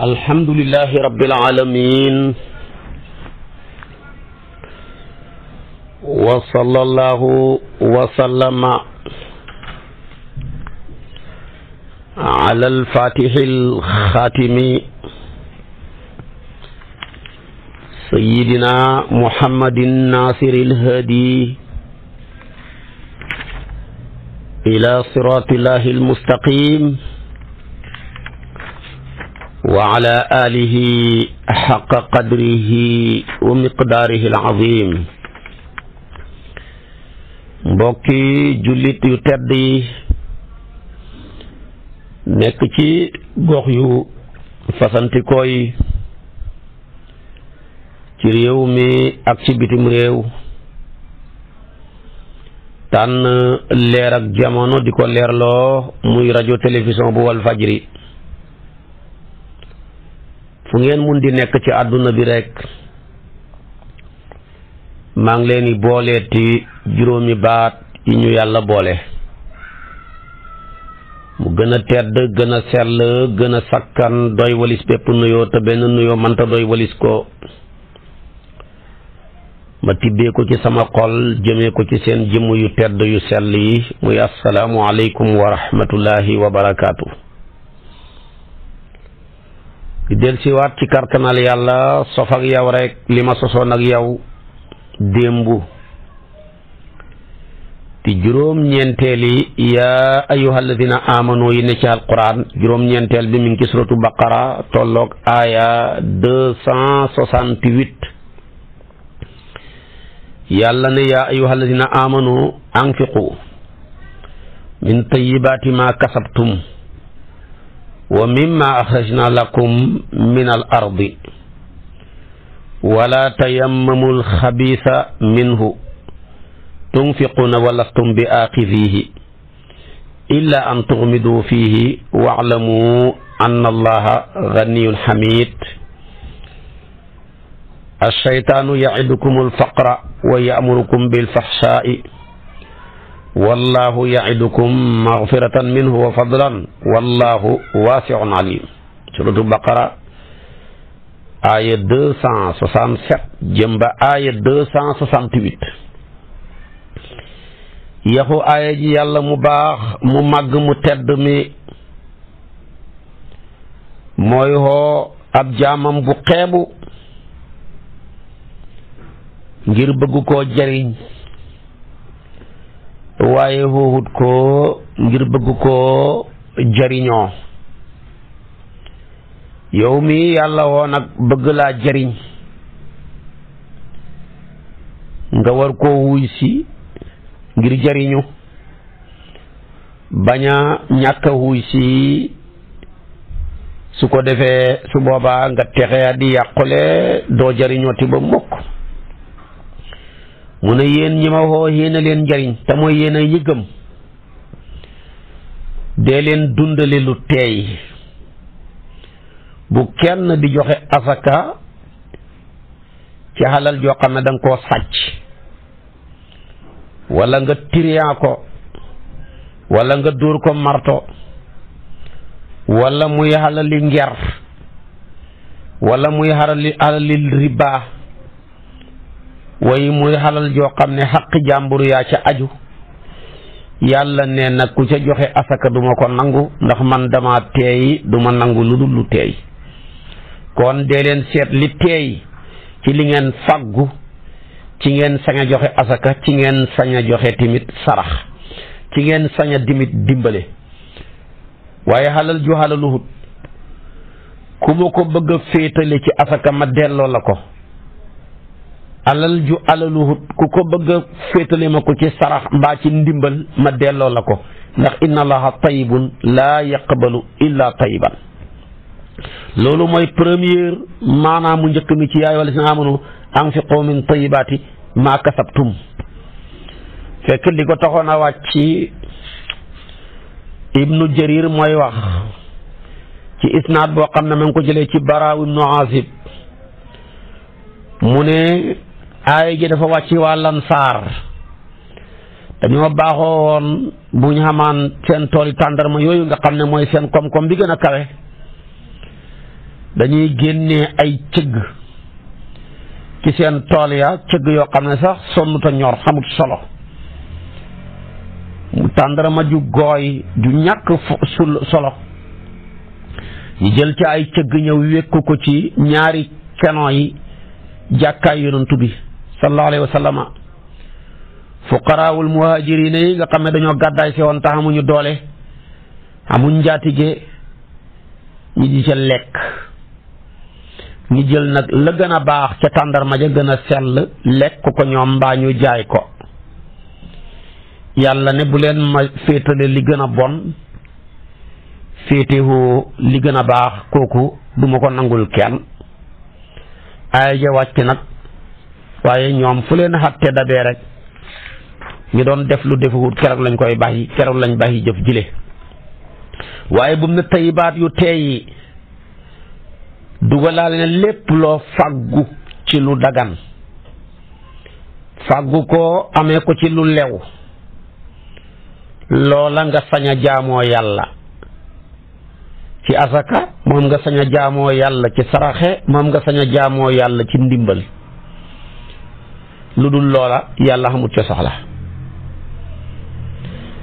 alhamdulillahi rabbil alamin wa sallallahu wa sallama ala alfatihi alxatimi sayidina muhammadin nasiri alhadi ila siratillahi almustaqim وعلى آله حق قدره ومقداره العظيم mbokki jullit yu tedd yi nekk ci gox yu fasantikoo yi ci réew mi ak ci bitim réew tànn leer ak jamono di ko leerloo muy rajo télévision bu Walfajri fu ngeen mun di nekk ci àdduna bi rekk maa ngi leen di booleeti juróomi baat yi ñu yàlla boole mu gën a tedd gën a sell gën a sakkan doy walis bépp nuyoo te benn nuyoo manta doy walis ko ma tibbee ko ci sama xol jëmee ko ci seen jëmm yu tedd yu sell yi muy asalaamu aleykum wa rahmatullahi wa barakaatu. del siwaat ci kartanal yàlla sof ak yow rek li ma sosoon ak yow démbu ti juróom-ñeenteeli yaa ayyuhalladina amanu yi ne ci alquran juróom-ñeenteel bi mi ngi ci suratu baqara tolloog aaya deux cent soixante-huit yàlla ne yaa ayyuhalladina amanu anfiqu min tayibaati ma kasabtum wa mimma axrajna lakum min al ardi wala tayammamu alxabiisa minhu tunfiquuna walastum bi aaxidihi illa an tuxmidu fiihi waclamu anna allaha ganiyun xamid alcheytaanu yacidukum alfaqra wa yamurukum bilfaxshaai wallaahu yaidukum magfiratan minhu wa fadlan wallaahu waasiun alim suratu baqara aaya deux cent yaxu aaya ji yàlla mu baax mu màgg mu tedd mi mooy hoo ab jaamam bu xeebu ngir bëgg koo jariñ waaye wóowut ko ngir bëgg koo jariñoo yow mi yàlla woon ak bëgg laa jariñ nga war ko wuy si ngir jariñu bañ ñàkk a wuy si su ko defee su booba nga texee di yàqule doo jariñooti ba mukk mu ne yéen ñi ma woo yéen leen njariñ te mooy yéen a ñi gëm dee leen dundale lu teey bu kenn di joxe asaka ci xalal joo xam ne danga koo sàcc walla nga tiriyaa ko walla nga dóor ko marto walla muy xalali nger walla muy xalali xalali way muy xalal joo xam ne xaqi jàmbur yaa ca aju yàlla ne nag ku ca joxe asaka duma ko nangu ndax man dama teey duma nangu lu dul lu teey kon dee leen seet li teey ci li ngeen fàggu ci ngeen saña a joxe asaka ci ngeen sañ joxe tamit sarax ci ngeen sañ a dimit dimbale waaye xalal ju xalaluhut ku ma ko bëgg a féetale ci asaka ma delloo la ko alal ju alaluhut ku ko bëgg a féetale ma ko ci sarax mbaa ci ndimbal ma delloo la ko ndax inna allaha tayibun laa yaqbalu illa tayiban loolu mooy premier maanaam mu njëkk mi ci yaay wala si na amanu anfiqu min tayibaati maa kasabtum fekk li ko taxoon a wàcc ibnu jarir mooy wax ci isnaad boo xam ne ma ko jëlee ci baraaw ibnu azib mu ne aay ji dafa wàcc waa lansaar dañoo baaxoo woon bu ñu xamaan seen tool yi tàndarma yooyu nga xam ne mooy seen koom-koom bi gën a kawe dañuy génnee ay cëgg ci seen tool ya cëgg yoo xam ne sax sonnut a ñor xamut solo mu tàndarma ju gooy ju ñàkk solo ñu jël ci ay cëgg ñëw wékku ko ci ñaari keno yi jàkkaay yonantu bi sallallahu alayhi wa sallama fuqaraawul muhaajiriina yi nga xam ne dañoo gàddaay si woon tax amuñu doole amuñ njaatige ñi di ca lekk ñi jël nag la gën a baax ca tàndarma gën a sell lekk ko ñoom mbaa ñu jaay ko yàlla ne bu leen ma féetale li gën a bon féetewoo li gën a baax kooku duma ko nangul kenn aaya ja wàcc nag waaye ñoom fu leen a xatte dabee rek ñu doon def lu defuwut keroog lañ koy bàyyi keroog lañ bàyyi jëf jile waaye bu mu ne tayibaat yu teey dugalaale ne lépp loo fàggu ci lu dagan fàggu ko amee ko ci lu lew loola nga sañ a jaamoo yàlla ci asaka moom nga sañ a jaamoo yàlla ci saraxe moom nga sañ a jaamoo yàlla ci ndimbal lu dul loola yàlla xamut ca soxla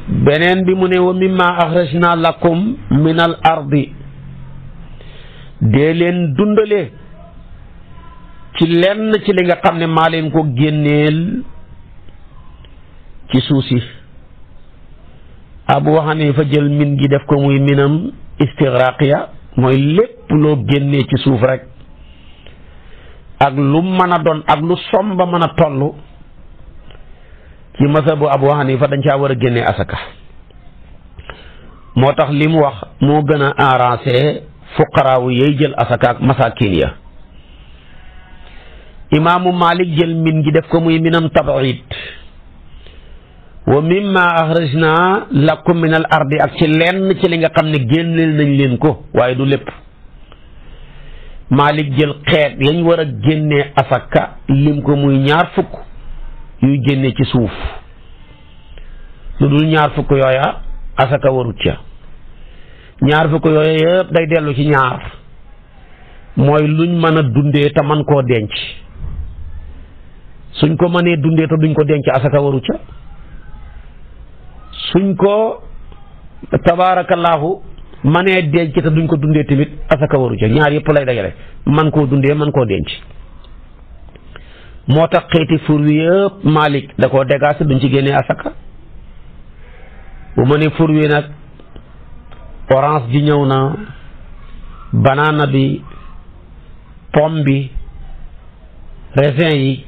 beneen bi mu ne wa mimma axrajna lakum min ardi dee leen dundale ci lenn ci li nga xam ne maa leen ko génneel ci suuf si Abu Hanifa jël min gi def ko muy minam ya mooy lépp loo génnee ci suuf rekk ak lu mën a doon ak lu somba mën a toll ci masabu Abu Hanifa dañ ca war a génnee asaka moo tax li wax moo gën a arrangé fuqaraawu yay jël asaka ak masaakin ya imaamu Malik jël min gi def ko muy minam tabaid wa mimma axrajna lakum min al ardi ak ci lenn ci li nga xam ne génneel nañ leen ko waaye du lépp Malik jël xeet yañ war a génne asaka lim ko muy ñaar fukk yuy génne ci suuf lu dul ñaar fukk yooya asaka warut ca ñaar fukk yooya yëpp day dellu ci ñaar mooy luñ mën a dundee te man koo denc suñ ko mënee dundee te duñ ko denc asaka waru ca suñ ko tabaarakallaahu manee denc te duñ ko dundee tamit asaka waru ca ñaar yëpp lay rek man koo dundee man koo denc moo tax xeeti fur wi yëpp Malik da koo dégaase duñ ci génnee asaka bu ma ne fur wi nag orange ji ñëw na banaana bi pom bi raisin yi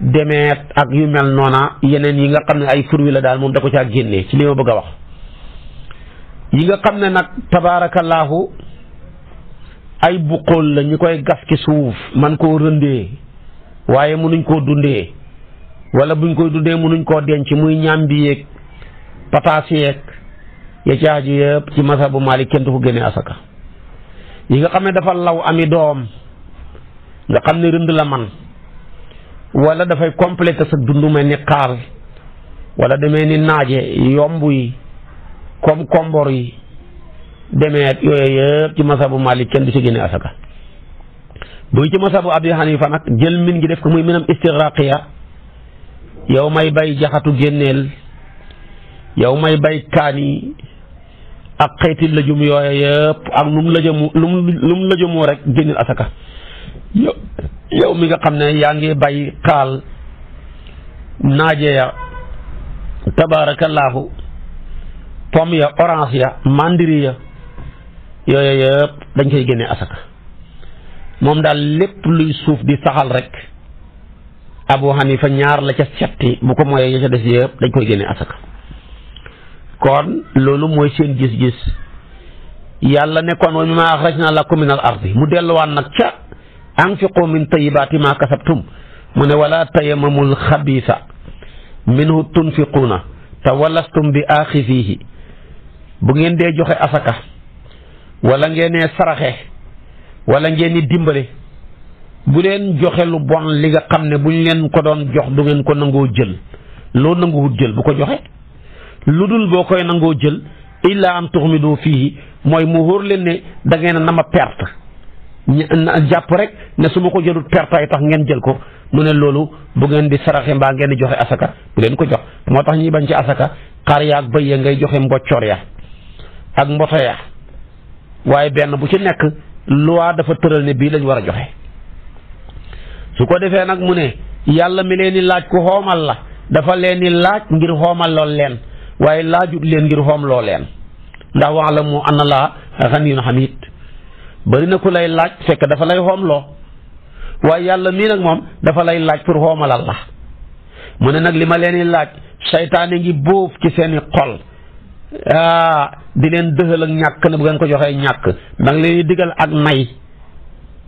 demeet ak yu mel noona yeneen yi nga xam ne ay fur wi la daal moom da ko caa génnee ci li ma bëgg a wax yi nga xam ne nag tabaarakallaahu ay buqool la ñu koy gas ki suuf man koo rëndee waaye mënuñ koo dundee wala buñ koy dundee mënuñ koo denc muy ñaam bi yeeg pataas yeeg ya ci aju yëpp ci masa bu Maalik kenn du ko génnee asaka yi nga xam ne dafa law ami doom nga xam ne rënd la man walla dafay complété sa dund mel ni xaal wala demee ni naaje yomb yi kom kombor yi demeet yooyu yëpp ci masabu Malik kenn du ci génne asaka buy ci masabu Abi Hanifa nag jël min gi def ko muy minam istigraqiya yow may bay jaxatu génneel yow may bay kaani ak xeeti lëjum yooyu yëpp ak lu mu lëjëmu lu rek génneel asaka yow yow mi nga xam ne yaa ngi bay xaal naajeya tabaarakallaahu pomme ya orange ya mandiri ya yooyu yëpp dañ koy génne asaka moom daal lépp luy suuf di saxal rek abu hanifa ñaar la ca setti bu ko mooyee ya ca des yëpp dañ koy génne asaka kon loolu mooy seen gis-gis yàlla nekkoon wa mimmaa axrajnaa lakum min al ardi mu delluwaan nag ca anfiqu min tayyibaati maa kasabtum mu ne wala tayammamul xabiisa minhu tunfiquuna te walastum bi aaxifiihi bu ngeen dee joxe asaka wala ngeen nee saraxe wala ngeen di dimbale bu leen joxe lu bon li nga xam ne bu ñu leen ko doon jox du ngeen ko nangoo jël loo nanguwut jël bu ko joxe lu dul boo koy nangoo jël illa am tuxmidu fii mooy mu wóor leen ne da ngeen a nama perte jàpp rek ne su ma ko jëlut perte tax ngeen jël ko mu ne loolu bu ngeen di saraxe mbaa ngeen di joxe asaka bu leen ko jox moo tax ñuy bañ ci asaka xar ak bay ya ngay joxe mboccoor ya ak mboto ya waaye benn bu ci nekk luwaa dafa tëral ne bii lañ war a joxe su ko defee nag mu ne yàlla mi leen di laaj ku xoomal la dafa leen di laaj ngir xoomal leen waaye laajut leen ngir xoom leen ndax wax la mu ana laa xaniyun xamid bëri na ku lay laaj fekk dafa lay xoom loo waaye yàlla mii nag moom dafa lay laaj pour xoomalal la mu ne nag li ma leen di laaj seytaane ngi bóof ci seeni xol di leen dëxal ak ñàkk na bu ngeen ko joxee ñàkk da nga leen di digal ak nay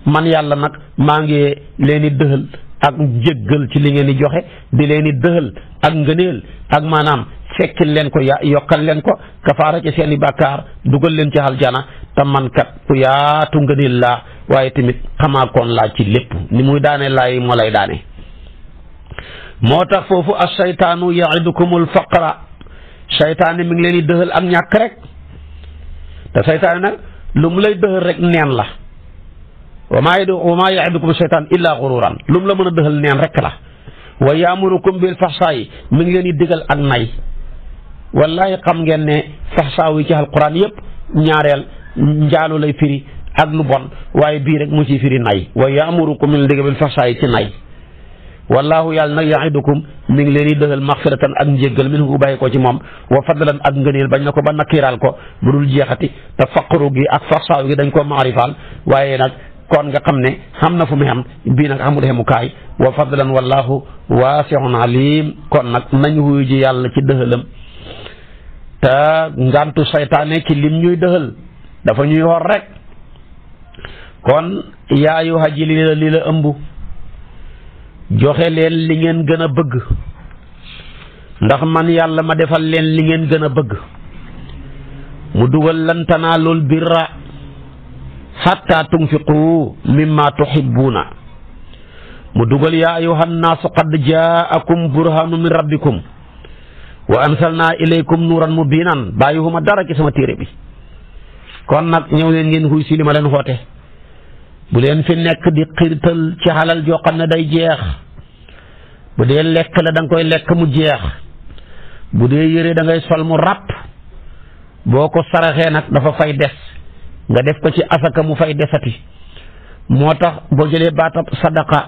man yàlla nag maa ngi leen di dëxal ak jéggal ci li ngeen di joxe di leen di dëxal ak ngëneel ak maanaam fekkil leen ko ya yokkal leen ko kafaara ci seeni i dugal leen ci aljana te man kat yaatu ngëneel laa waaye tamit xamaakoon laa ci lépp ni muy daane laay moo lay daane moo tax foofu as saytaanu yaidukumul faqra saytaane mi ngi leen di dëxal ak ñàkk rek te saytaane nag lu mu lay dëxal rek neen la wa maa yadu wa maa yaidukum seytaan illaa xururan lu la mën a dëxal neen rek la wa yaamurukum bil faxsaayi mi ngi leen di digal ak nay wallahi xam ngeen ne faxsaaw yi ci alquran yëpp ñaareel njaalu lay firi ak lu bon waaye bii rek mu ciy firi nay wa yaamurukum mi ngi leen di digal bil faxsaayi ci nay wallaahu yàlla nag yaidukum mi ngi leen di dëgal maxfiratan ak njéggal min hu bàyyi ko ci moom wa fadlan ak ngëneel bañ na ko ba nakkiiraal ko bu dul jeexati te faqru gi ak farsaaw gi dañ koo maarifaal waaye nag kon nga xam ne xam na fu mu xam bii nag xamul xemukaay wa fadlan wallaahu waasiun alim kon nag nañ wuyu ji yàlla ci dëhalam te ngantu saytaane ci lim ñuy dëhal dafa ñuy wor rek kon yaayu haji li la li joxe leen li ngeen gën a bëgg ndax man yàlla ma defal leen li ngeen gën a bëgg mu dugal lan tanaalul birra xatta tunfiqu mimma tuhibbuuna mu dugal yaa ayyuhan naasu qad jaakum burhaanu min rabbikum wa anzalnaa ilaykum nuuran mubiinan bàyyiwuma dara ci sama téere bi kon nag ñëw leen ngeen xuy si li ma leen xoote bu leen fi nekk di xiirtal ci xalal joo xam ne day jeex bu dee lekk la danga koy lekk mu jeex bu dee yére da ngay sol mu ràpp boo ko saraxee nag dafa fay des nga def ko ci asaka mu fay desati moo tax boo jëlee baata sadaqa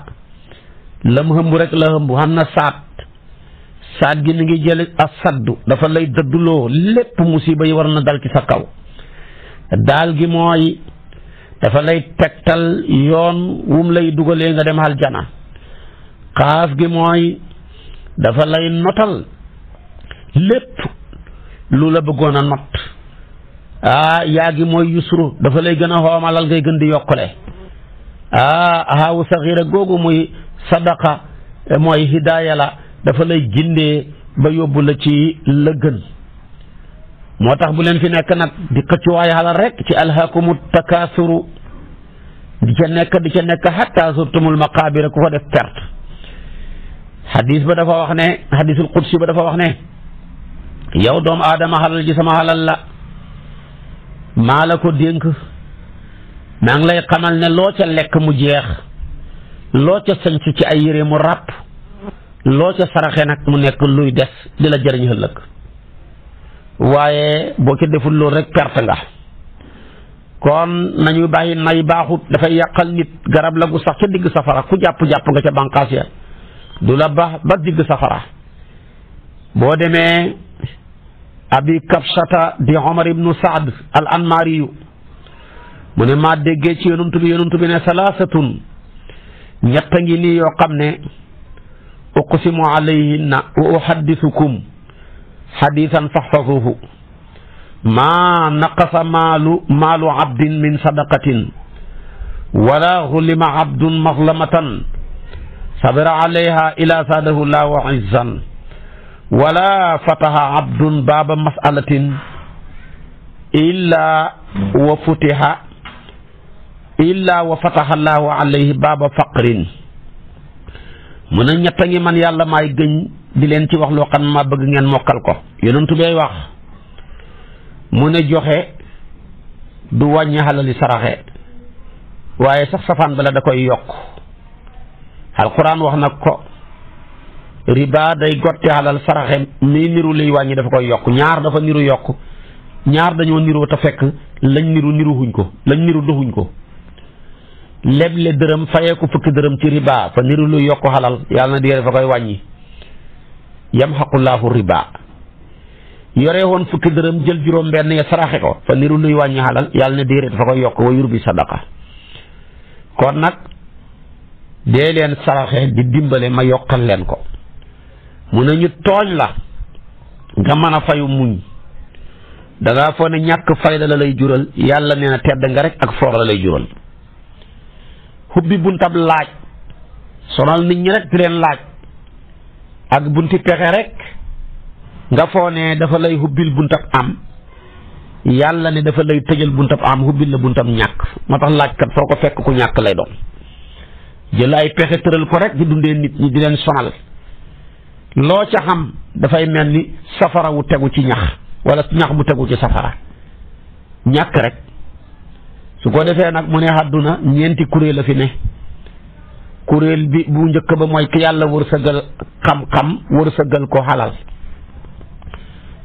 lam hëmb rek la hëmb xam na saat saat gi ni ngi jël a saddu dafa lay dëdduloo lépp musiba yi war na dal ci sa kaw daal gi mooy dafa lay tegtal yoon wum lay dugalee nga dem aljana xaaf gi mooy dafa lay notal lépp lu la bëggoon a not ah yaa gi mooy yusru dafa lay gën a xoomalal ngay gën di yokkule ah xaawu saxiira googu muy sadaqa eh, mooy hidaaya la dafa lay gindee ba yóbbu la ci la gën moo tax bu leen fi nekk nag di xëccuwaay xalal rek ci alhaakumu takaasuru di ca nekk di ca nekk xatta surtumul maqaabira ku fa def perte xadis ba dafa wax ne xadisul qudsi ba dafa wax ne yow doomu aadama xalal ji sama xalal la maa la ko dénk maa ngi lay xamal ne loo ca lekk mu jeex loo ca sañ ci ay yére mu ràpp loo ca saraxe nag mu nekk luy des di la jëriñ ëllëg waaye boo ca deful loolu rek perte nga kon nañu bàyyi nay baaxut dafay yàqal nit garab la gu sax ca digg safara ku jàpp-jàpp nga ca bànqaas ya du la baax ba digg safara boo demee abi kabshata di omar ibnu saad al anmaariyu mu ne maa déggee ci yonuntu bi yonuntu bi ne salaasatun ñett a ngi nii yoo xam ne uqsimu alayhinna wa uhaddisukum xadisan faxfasuuhu maa naqasa maalu maalu abdin min sadaqatin wala xulima abdun maxlamatan sabira alayha ila saadahu laa wa izzan wala fataha abdun baaba masalatin illa wa futiha illa wa fataha laahu alayhi baaba faqrin mu ne ñett a ngi man yàlla maay gëñ di leen ci wax loo xam ne maa bëgg ngeen mokkal ko yonentu bay wax mu ne joxe du wàññi xalali saraxe waaye sax safaan bala da koy yokk alquran wax nag ko riba day gotti xalal saraxe mii niru liy wàññi dafa koy yokk ñaar dafa niru yokk ñaar dañoo niroo te fekk lañ niru niruwuñ ko lañ niru doxuñ ko leble dërëm fayee ko fukki dërëm ci riba fa niru lu yokk xalal yàlla na diggante fa koy wàññi yamxaqullahu riba yore woon fukki dërëm jël juróom benn ya saraxe ko fa niru luy wàññi xalal yàlla ne déedéet dafa koy yokk wa yurbi sadaqa kon nag dee leen saraxe di dimbale ma yokkal leen ko mu ne ñu tooñ la nga mën a fayu muñ dangaa foog ne ñàkk fayda lay jural yàlla nee na tedd nga rek ak foor la lay jural xubbi buntab laaj sonal nit ñi rek di leen laaj ak bunti pexe rek nga foone dafa lay hubbil buntab am yàlla ne dafa lay tëjal buntab am hubbil la buntab ñàkk moo tax laajkat foo ko fekk ku ñàkk lay doon jël ay pexe tëral ko rek di dundee nit ñi di leen sonal loo ca xam dafay mel ni safara wu tegu ci ñax wala ñax mu tegu ci safara ñàkk rek su ko defee nag mu ne àdduna ñeenti kuréel la fi ne kuréel bi bu njëkk ba mooy ki yàlla wërsëgal xam-xam wërsëgal ko xalal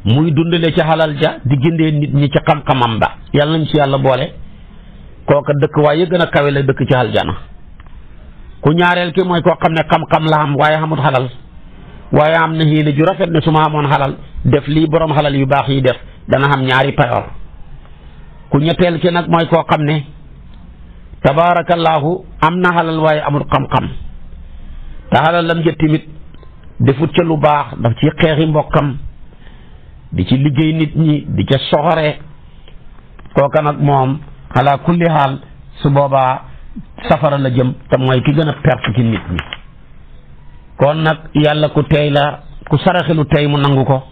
muy dundale ci xalal ja di gindee nit ñi ci xam-xamam ba yàlla nañ ci yàlla boole kooka dëkk waaye gën a kawe la dëkk ci aljana ku ñaareel ki mooy koo xam ne xam-xam la am waaye xamut xalal waaye am na xéene ju rafet ne su amoon xalal def lii boroom xalal yu baax yi def dana xam ñaari payoor ñetteel ki nag mooy koo xam ne tabaarakallaahu am na xalal waaye amul xam-xam te xalal lam jët tamit defut ca lu baax daf ci xeexi mbokkam di ci liggéey nit ñi di ca soxoree kooka nag moom ala kulli xaal su boobaa safara la jëm tam mooy ki gën a perte nit ñi kon nag yàlla ku tey la ku lu tey mu nangu ko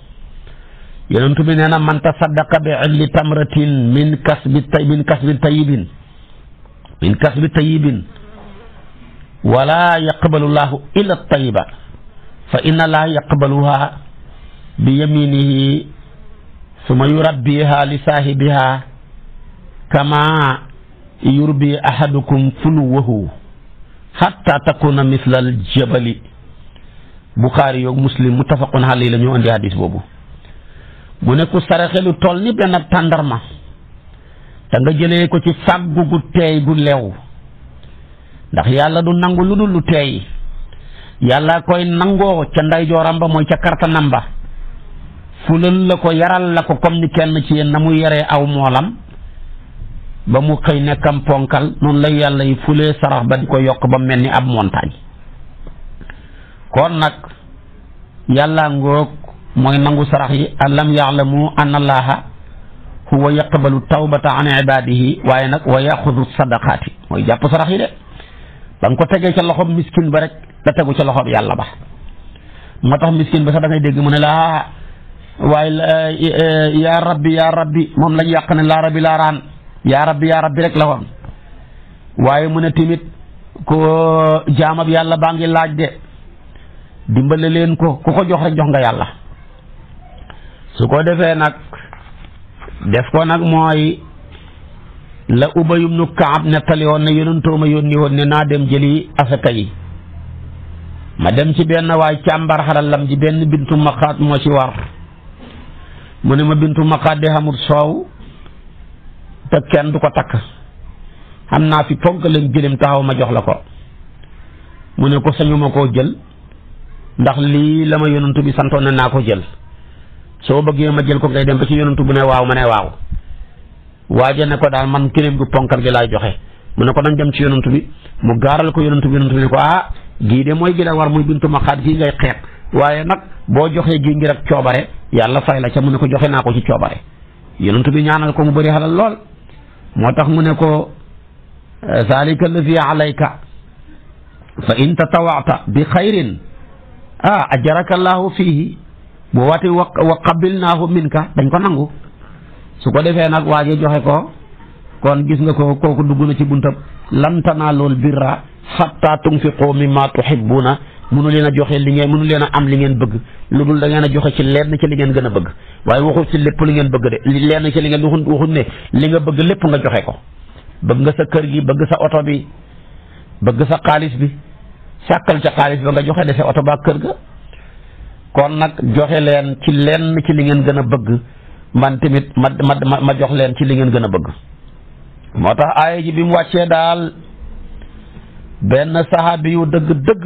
yonentu bi nee na man tasaddaqa bi illi tamratin min kasbi tay min kasbi tayibin min kasbi tayibin wala yaqbalu llahu fa inna laa yaqbaluha bi yaminihi suma yurabbiha li saahibiha kama yurbi ahadukum fuluwahu hatta takuna misla al jabali bukaari yoog muslim muttafaqun alayhi la ñu andi hadis boobu mu ne ku toll ni benn tàndarma da nga jëlee ko ci fàggu gu teey gu lew ndax yàlla du nangu lu dul lu teey yàlla koy nangoo ca ndeyjooram ba mooy ca kartanam ba fulal la ko yaral la ko comme ni kenn ci yéen na mu yaree aw moolam ba mu xëy nekkam ponkal noonu lay yàlla yi fulee sarax ba di ko yokk ba mel ni ab montagne kon nag yàlla ngoog mooy nangu sarax yi alam yaalamu an allaha huwa yaqbalu tawbata an ibadihi waaye nag wa yaxudu sadaqaati mooy jàpp sarax yi de ba nga ko tegee ca loxob miskin ba rek da tegu ca loxob yàlla ba moo tax miskin ba sax dégg mu ne la waaye eh, eh, yaa rabbi yaa rabbi moom lañ yàq ne laa rabbi laa raan yaa rabbi yaa rabbi rek la woon waaye mu ne tamit ko eh, jaamab yàlla baa ngi laaj de dimbale leen ko ku ko jox rek jox nga yàlla su ko defee nag def ko nag mooy la Ubay ibnu Kaab nettali woon ne yonentoo ma yónni ne naa dem jëli asaka yi ma dem ci benn waay càmbar xalalam ci benn bintu maxaat moo ci war mu ne ma bintu de xamul soow te kenn du ko takk xam naa fi lañ gëléem taxaw ma jox la ko mu ne ko ma koo jël ndax lii la ma yonantu bi santoon na naa ko jël soo bëggee ma jël ko ngay dem ba ci yonantu bu ne waaw ma ne waaw waaje ne ko daal man gëléem gu ponkal gi laay joxe mu ne ko nañ dem ci yonantu bi mu gaaral ko yonantu bi yonantu bi ne ko ah gii de mooy gi war muy bintu maqaad gii ngay xeet waaye nag boo joxee gii ngir ak coobare yàlla fay la ca mu ne ko joxe naa ko ci coobare yonent bi ñaanal ko mu bëri xalal lool moo tax mu ne ko zalika vi alayka fa in tatawata bi xayrin ah ajaraka llahu fiihi bu waati wa wa qabilnaahu minka dañ ko nangu su ko defee nag waa waaje joxe ko kon gis nga ko kooku dugg na ci buntab lan tanaalul birra xatta tunfiqu mimma tuhibbuna mënu leen a joxe li ngeen mënu leen a am li ngeen bëgg lu dul da ngeen a joxe ci lenn ci li ngeen gën a bëgg waaye waxul ci lépp li ngeen bëgg de lenn ci li ngeen waxun waxun ne li nga bëgg lépp nga joxe ko nga sa kër gi bëgg sa oto bi bëgg sa xaalis bi sàkkal ca xaalis ba nga joxe de oto ba kër nag joxe leen ci lenn ci li ngeen gën a bëgg man tamit ma ma ma jox leen ci li ngeen gën a bëgg moo tax aaya ji bi mu wàccee daal benn saxaabi dëgg dëgg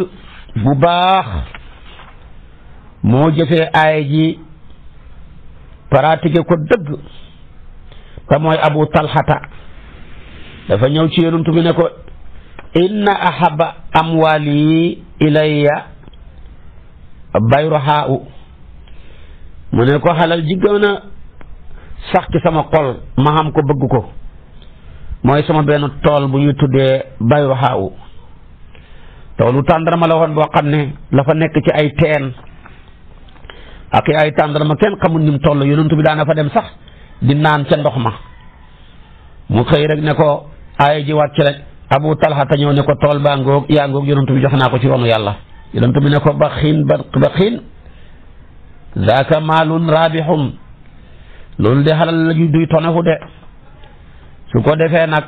bu baax moo jëfee aay ji pratiqué ko dëgg te mooy abu talxata dafa ñëw ci yonent bi ne ko inna ahaba amwali ilayya bayruhaa u mu ne ko xalal ji gën a sax ci sama xol ma xam ko bëgg ko mooy sama benn tool bu ñuy tuddee bayruhaa u loolu ma la won boo xam ne la fa nekk ci ay teen ak ay tàndarma kenn xamul ni mu toll yonent bi daana fa dem sax di naan ca ndox ma mu xëy rek ne ko aaya ji wàcc rek abu talha ta ñëw ne ko tool baa ngoog yaa ngoog yonent bi jox naa ko ci yoonu yàlla yonent bi ne ko ba xiin ba ba xiin zaaka maalun raabixun loolu de xalal la duy toneku de su ko defee nag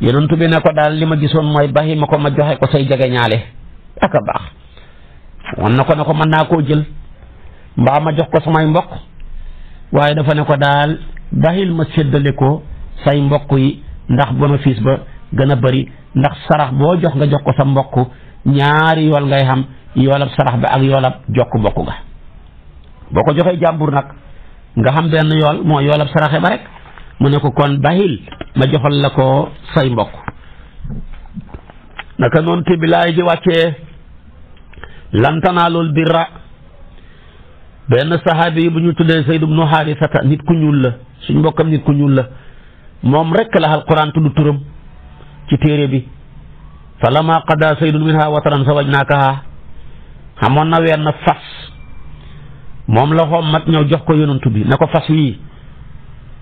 yenoon bi ne ko daal li ma gisoon mooy baxi ma ko ma joxe ko say jegeñaale ak a baax wan na ko ne ko mën naa koo jël mbaa ma jox ko samay mbokk waaye dafa ne ko daal baxil ma séddale ko say mbokk yi ndax bénéfice ba gën a bëri ndax sarax boo jox nga jox ko sa mbokk ñaari yool ngay xam yoolab sarax bi ak yoolab jokk mbokk ga boo ko joxee jàmbur nag nga xam benn yool moo yoolab saraxe ba rek mu ne ko kon bahil ma joxal la ko say mbokk naka noonu te bi laay di wàccee lantanaa loolu birra benn saxaabi yi bu ñu tuddee Zayd ibnu Haarisata nit ku ñuul la suñ mbokkam nit ku ñuul la moom rekk la alquran tudd turam ci téere bi fa lama qada saydun minha wataran zawajnaakaha xamoon na wenn fas moom la xommat ñëw jox ko yonantu bi ne ko fas wii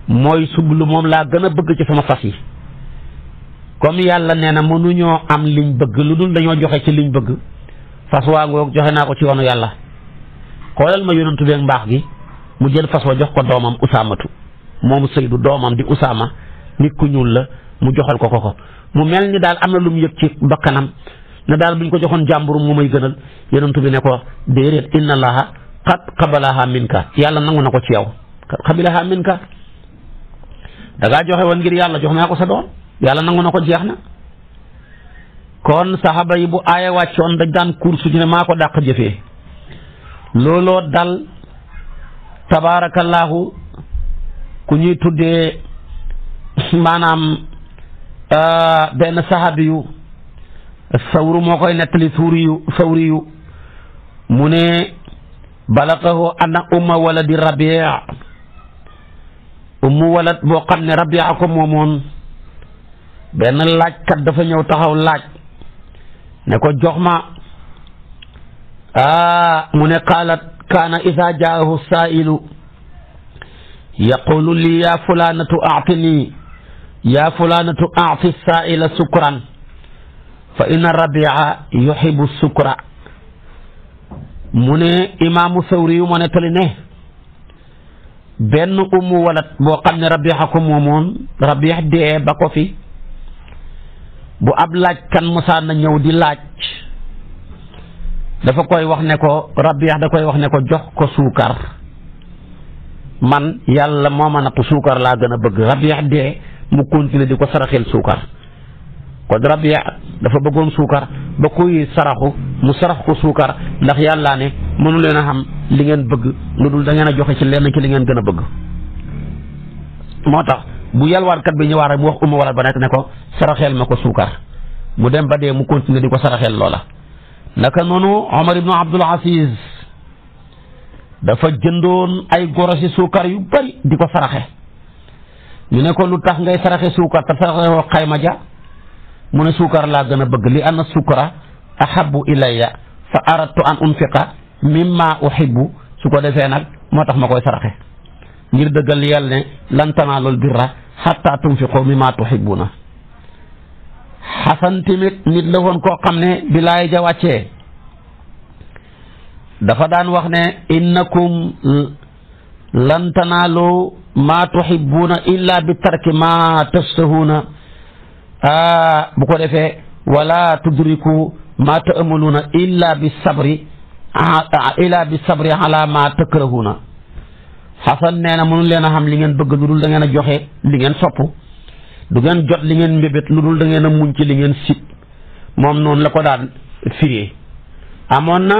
mooy lu moom laa gën a bëgg ci sama fas yi comme yàlla nee na mënuñoo am liñ bëgg lu dul dañoo joxe ci liñ bëgg fas waa ngoog joxe naa ko ci yoonu yàlla xoolal ma yonantu beeg mbaax gi mu jël fas wa jox ko doomam usaamatu moom Seydou doomam di usaama nit ku ñuul la mu joxal ko ko ko mu mel ni daal am na lu mu yëg ci bakkanam ne daal buñ ko joxoon jàmbur mu may gënal yonantu bi ne ko déedéet inna allaha qad qabalaha minka yàlla nangu na ko ci yow da ngaa joxe woon ngir yàlla jox naa ko yàlla nangu na ko jeex na kon saxaaba yi bu aaya wàccoon dañ daan kursu ñu ne maa ko dàq jëfee looloo dal tabaarakallaahu ku ñuy tuddee maanaam euh, benn saxaabi yu sawru moo koy nettali suuri yu sawri yu mu ne balaqahu anna umma wala di rabia ummu walat boo xam ne rabia ko moomoon benn laajkat dafa ñëw taxaw laaj ne ko jox ma aa mu ne qaalat kaana ida jaahu saailu yaqulu lii yaa fulanatu aatini yaa fulanatu aati saaila sukran fa inna rabia yuxibu sukra mu ne imaamu sawri yu ma nettali ne benn umu walat boo xam ne rabiixa ko moomoon rabiix dee ba ko fi bu ab laaj kan mosaan na ñëw di laaj dafa koy wax ne ko rabiix da koy wax ne ko jox ko suukar man yàlla moo ma nattu suukar laa gën a bëgg rabiix dee mu continuer di ko saraxel suukar wadrab ya dafa bëggoon suukar ba kuy saraxu mu sarax ko suukar ndax yàllaa ne mënu leen a xam li ngeen bëgg lu dul da a joxe ci lenn ci li ngeen gën a bëgg moo tax bu yalwaankat bi ñëwaat rek mu wax umma wala ba nekk ne ko saraxeel ma ko suukar mu dem ba dee mu continuer di ko saraxeel loola naka noonu Omar ibnu Abdul Aziz dafa jëndoon ay gorosi suukar yu bari di ko saraxe ñu ne ko lu tax ngay saraxe suukar te saraxe xayma ja mu ne suukar laa gën a bëgg li anna sukara ahabu ilayya fa aradtu an unfiqa mimma uhibbu su ko defee nag moo tax ma koy saraxe ngir dëggal yàlla ne lan tanaalul birra hatta tunfiqu mimma tuhibbuna xasan tamit nit la woon koo xam ne bi laay ja wàccee dafa daan wax ne innakum lan tanaalu ma tuhibbuuna illa bi tarki ma tashtahuuna ah bu ko defee walla wala tudriku ma taamaluuna illa bi sabri ah, ah, illa bi sabri ala ma takrahuna xasan nee na mënu leen a xam li ngeen bëgg lu dul da ngeen a joxe li ngeen sopp du ngeen jot li ngeen mbébét lu dul da ngeen a muñ li ngeen sib moom noonu la ko daan firee amoon na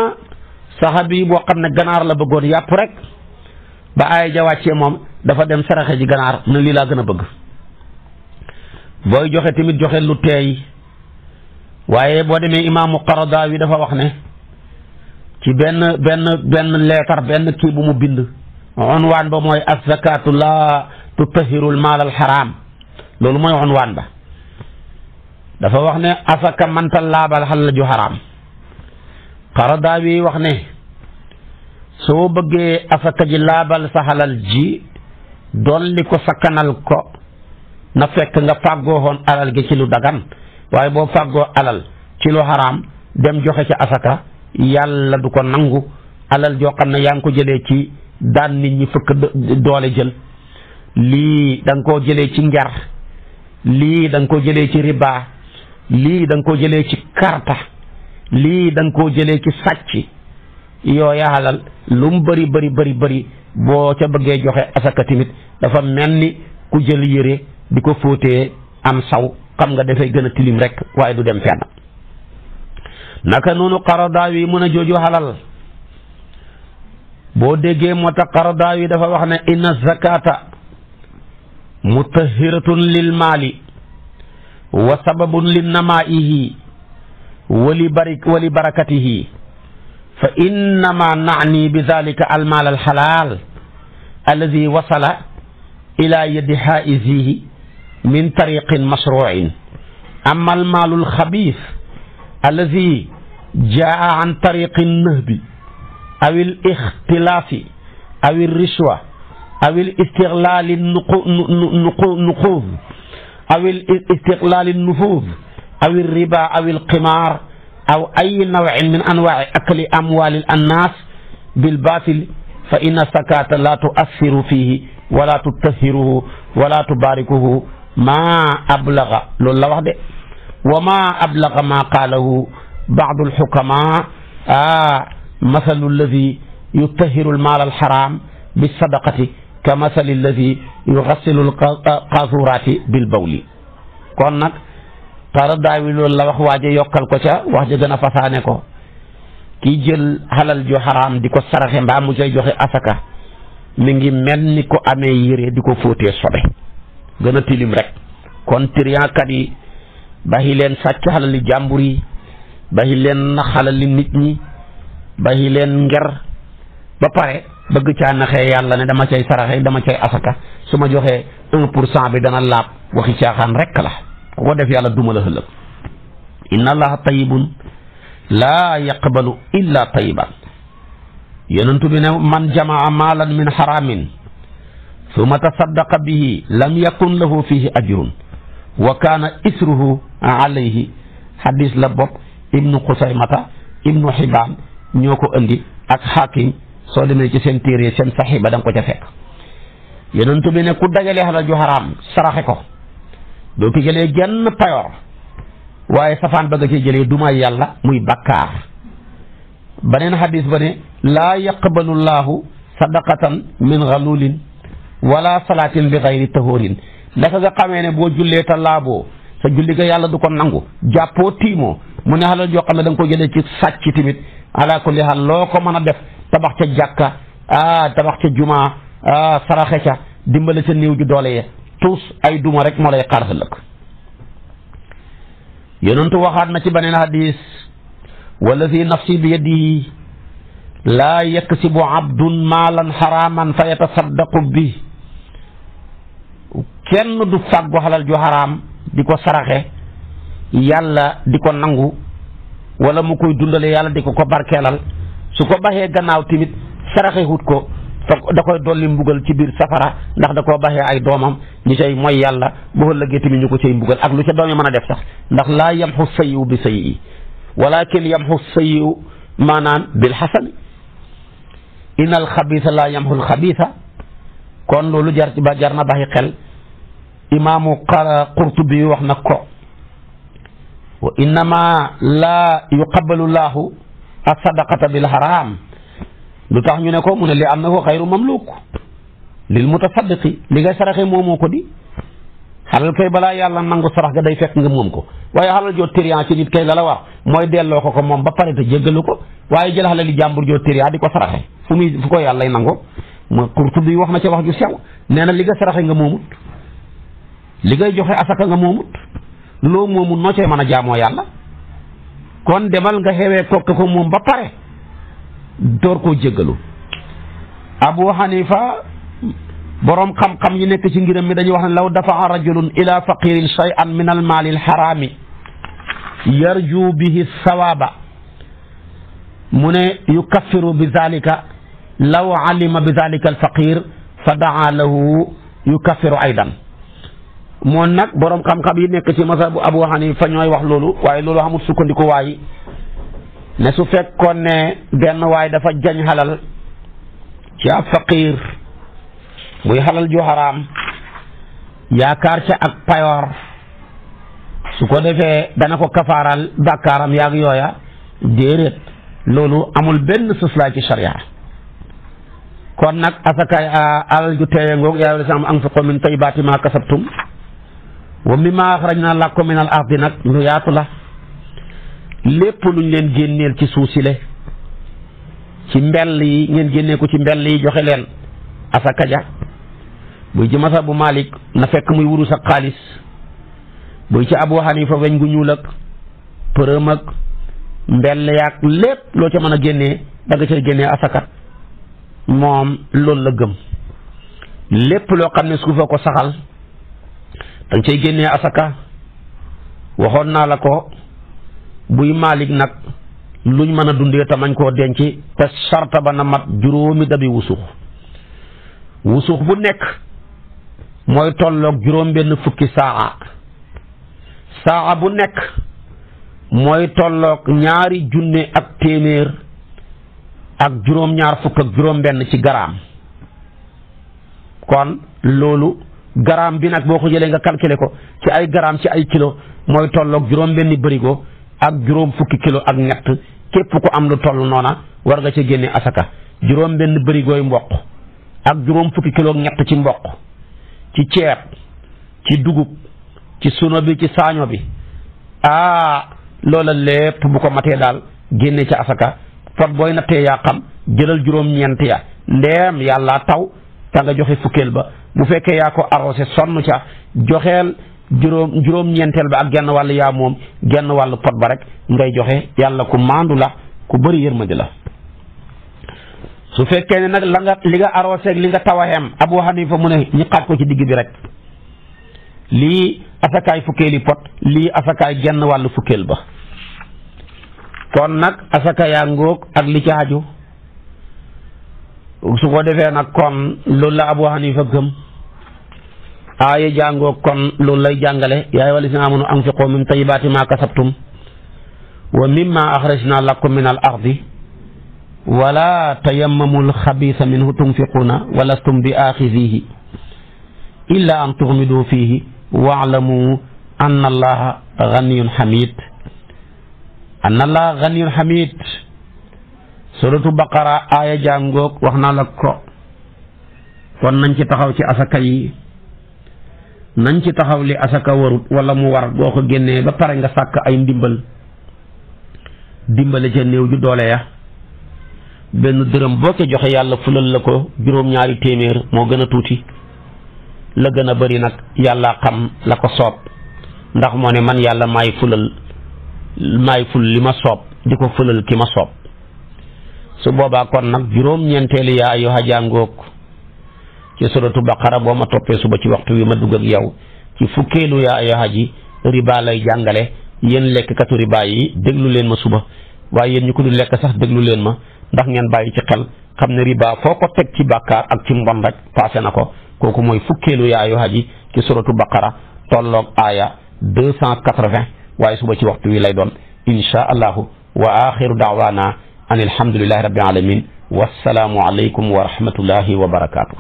saxaabi bi boo xam ne ganaar la bëggoon yàpp rek ba aaya ja wàccee moom dafa dem saraxe ji ganaar ne lii laa gën a bëgg booy joxe tamit joxe lu teey waaye boo demee imaamu Qaradaawi dafa wax ne ci benn benn benn leetar benn kii bu mu bind unwaan ba mooy azzakaatu laa tutahirul maal al xaraam loolu mooy unwaan ba dafa wax ne asaka mënta laabal xal la ju xaraam Qaradaawi wax ne soo bëggee asaka ji laabal sa xalal ji dolli ko sakkanal ko na fekk nga fàggoo woon alal gi ci lu dagan waaye boo fàggoo alal ci lu xaraam dem joxe ci asaka yàlla du ko nangu alal joo xam ne yaa ngi ko jëlee ci daan nit ñi fëkk doole jël lii danga koo jëlee ci njar lii da koo jëlee ci riba lii danga koo jëlee ci karta lii da koo jëlee ci sàcc yooya alal lu mu bëri bëri bëri boo ca bëggee joxe asaka tamit dafa mel ni ku jël yére di ko fóotee am saw xam nga dafay gën a tilim rek waaye du dem fenn naka noonu xaradaaw yi mën a jooju xalal boo déggee moo tax xaradaaw yi dafa wax ne inna zakata mutahiratun lil maali wa sababun li namaihi wa li bari wa li barakatihi fa innama naani bi dalika almaal alxalaal alladi wasala ila yadi xaisihi min tariqin masruin amma almaalu alxabiis alladi jaa an tariqi nahbi aw al ixtilaafi aw al riswa aw al istiqlaali nuquud aw al istiqlaali nufuud aw al riba aw al qimaar aw ay nawcin min anwaaci akli amwaali annaas bilbaatil fa inna sakaata laa tuassiru fiihi wala tutahhiruhu wala tubaarikuhu maa ablaga loolu la wax de wa maa ablaga maa qaalahu baadu alxukamaa ah masalu alladi yutahiru almaal alxaraam bisadaqati ka masali alladi yuxassilu alqaasuraati bilbawli kon nag xara daawi loolu la wax waaja yokkal ko ca wax ja gën a fasaane ko kii jël xalal ju xaraam di ko saraxe mbaa mu cay joxe asaka mi ngi mel ni ko amee yére di ko fóotee sobe gën a tilim rek kon triankat yi bàyyi leen sàcc xalali jàmbur yi bàyyi leen nax xalali nit ñi ba leen nger ba pare bëgg caa naxee yàlla ne dama cay saraxe dama cay asaka su ma joxe un pour cent bi dana laab waxi caaxaan rek la ku ko def yàlla duma la xëlëb inna la tayibun laa yaqbalu illa tayiban yonentu bi ne man jamaa maalan min xaramin summa tasaddaqa bihi lam yakun lahu fihi ajrun wa kaana isruhu alayhi hadis la bopp ibnu xusaymata ibnu xibaan ñoo ko indi ak xaakim soo demee ci seen téere seen saxi ba da nga ko ca fekk yonent bi ne ku dajale xalal ju xaraam saraxe ko doo ki jëlee genn payoor waaye safaan ba nga ci jëlee dumaay yàlla muy bakkaar beneen xadis ba ne laa yaqbalu llaahu sadaqatan min xaluulin wala salaatin bi xayri tahóorin naka nga xamee ne boo jullee te laaboo sa julli ga yàlla du ko nangu jàppoo mu ne xalal joo xam ne da nga ko jëlee ci sàcc tamit ala kulli xaal loo ko mën a def tabax ca jàkka ah tabax ca jumaa ah saraxe ca dimbale ca néew ju doole ya tuus ay duma rek moo lay xaar ëllëg yonentu waxaat na ci beneen hadis walladi nafsi bi yadihi laa yaksibu abdun maalan xaraaman fa yatasaddaqu bi kenn du fàggu xalal ju xaraam di ko saraxe yàlla di ko nangu wala mu koy dundale yàlla di ko ko barkeelal su ko baxee gannaaw tamit saraxe xut ko da koy dolli mbugal ci biir safara ndax da koo baxee ay doomam ñi cay moy yàlla bu ëllëgee tamit ñu ko cay mbugal ak lu ca doom yi mën a def sax ndax laa yamxu sayyi'u bi sayyi'i walakin yamxu sayyi'u maanaam bil xasani inal xabiisa laa yamxul xabiisa kon loolu jar ba jar na baxi xel imaamu qurtubi wax na ko la innama laa yuqabalu laahu asadaqata bi haram lu tax ñu ne ko mu ne li annahu xayru mamluk lil mutasaddiqi li nga saraxe moomoo ko di xalal kay balaa yàlla nangu sarax ga day fekk nga moom ko waaye xalal joo tériant ci nit kay la wax mooy delloo ko ko moom ba pare te jéggalu ko waaye jël xalali jàmbur joo tériant di ko saraxe fu muy fu ko yàllay nango ma Qurtubi wax na ca wax ju sew nee na li saraxe nga moomut li ngay joxe asaka nga moomut loo moomut noo cee mën a jaamoo yàlla kon demal nga xewee kokk ko moom ba pare door koo jéggalu abu hanifa boroom xam-xam yi nekk ci ngiram mi dañuy wax ne law dafaa rajulun ila faqirin shay'an min almaali alxaraami yarju bihi sawaaba mu ne yukaffiru bi zalika law alima bi zalika alfaqir fa daa lahu yukaffiru aydan moom nag boroom xam-xam yi nekk ci mazhabu Abu Hanifa ñooy wax loolu waaye loolu amul sukkandiku waay ne su fekkoon ne benn waay dafa jañ xalal ci ab faqiir muy xalal ju xaraam yaakaar ca ak payoor su ko defee dana ko kafaaral bàkkaaram yaag yooya déeréet loolu amul benn sëslaay ci sharia kon nag asakaay alal ju teeyangoog yaa wala sam anfiqu min tayyibaati ma kasabtum wa mimmaa axrajnaa lakum minal ardi nag lu yaatu la lépp luñ leen génneel ci suuf si ci mbell yi ngeen génnee ko ci mbell yi joxe leen asaka ja buy ci masa bu Malik na fekk muy wurus ak xaalis buy ci Abu Hanifa weñ gu ñuul ak përëm ak mbell lépp loo ca mën a génnee da nga ca génnee asaka moom loolu la gëm lépp loo xam ne suufa ko saxal dañ cay génnee asaka waxoon naa la ko buy maalik nag luñ mën a dundee te mañ koo denc te sarta ba na mat juróomi dabi wusux wusux bu nekk mooy tolloog juróom benn fukki saa saa bu nekk mooy tolloog ñaari junne ak téeméer ak juróom-ñaar fukk ak juróom benn ci garaam kon loolu gramme bi nag boo ko jëlee nga calculer ko ci ay gramme ci ay kilo mooy tolloog juróom benni bërigo ak juróom fukki kilo ak ñett képp ko am lu toll noona war nga ci génne asaka juróom benn bërigooy mboq ak juróom fukki kilo ak ñett ci mboq ci ceeb ci dugub ci suno bi ci saaño bi aa loola lépp bu ko matee daal génne ci asaka pot booy nattee yaa xam jëlal juróom ñeent ya ndeem yàlla taw ta nga joxe fukkeel ba bu fekkee yaa ko arrosé sonn ca joxeel juróom juróom-ñeenteel ba ak genn wàll yaa moom genn wàll pot ba rek ngay joxe yàlla ku maandu la ku bëri yërmandi la su fekkee ne nag la li nga arrosé li nga tawaxeem Abu Hanifa mu ne ñu xaaj ko ci digg bi rek lii asakaay fukkeeli pot lii asakaay genn wàll fukkeel ba kon nag asaka yaa ngóog ak li ci aju su ko defee nag kon loolu la Abu Hanifa gëm aaya jàngoo kon loolu lay jàngale yaa ayyuhal lazina aamanu anfiqu min tayyibaati maa kasabtum wa mimma axrajnaa lakum min al ardi wala tayammamul xabiisa minhu tunfiquuna wa lastum bi aaxiziihi illaa an tuxmidu fiihi waalamu anna allaha ganiyun xamiid anna allaha ganiyun xamiid suratu baqara aaya jàngoog wax naa la ko kon nañ ci taxaw ci asaka yi nañ ci taxaw li asaka warut wala mu war boo ko génnee ba pare nga sàkk ay ndimbal dimbale ca néew ju doole ya benn dërëm boo ko joxe yàlla fulal la ko juróom-ñaari téeméer moo gën a tuuti la gën a bari nag yàlla xam la ko soob ndax moo ne man yàlla maay fulal maay ful li ma soob di ko fulal ki ma soob su boobaa kon nag juróom-ñeenteelu yaa ayyuha jàngoog ci suratu baqara boo ma toppee suba ci waxtu wi ma dugg ak yow ci fukkeelu yaa ayyuha ji riba lay jàngale yéen lekkatu riba yi déglu leen ma suba waaye yéen ñu ko du lekk sax déglu leen ma ndax ngeen bàyyi ci xel xam ne riba foo ko teg ci bàkkaar ak ci mbon rek passé na ko kooku mooy fukkeelu yaa ayyuha ji ci suratu baqara tolloog aaya deux cent quatre waaye suba ci waxtu wi lay doon insha allahu wa axiru an alhamdulillahi rabbil alamin wassalaamu aleykum wa rahmatullahi wa barakaatu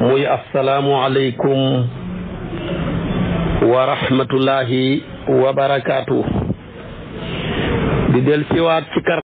muy assalaamu aleykum wa rahmatullahi wa barakaatu di del siwaat ci kar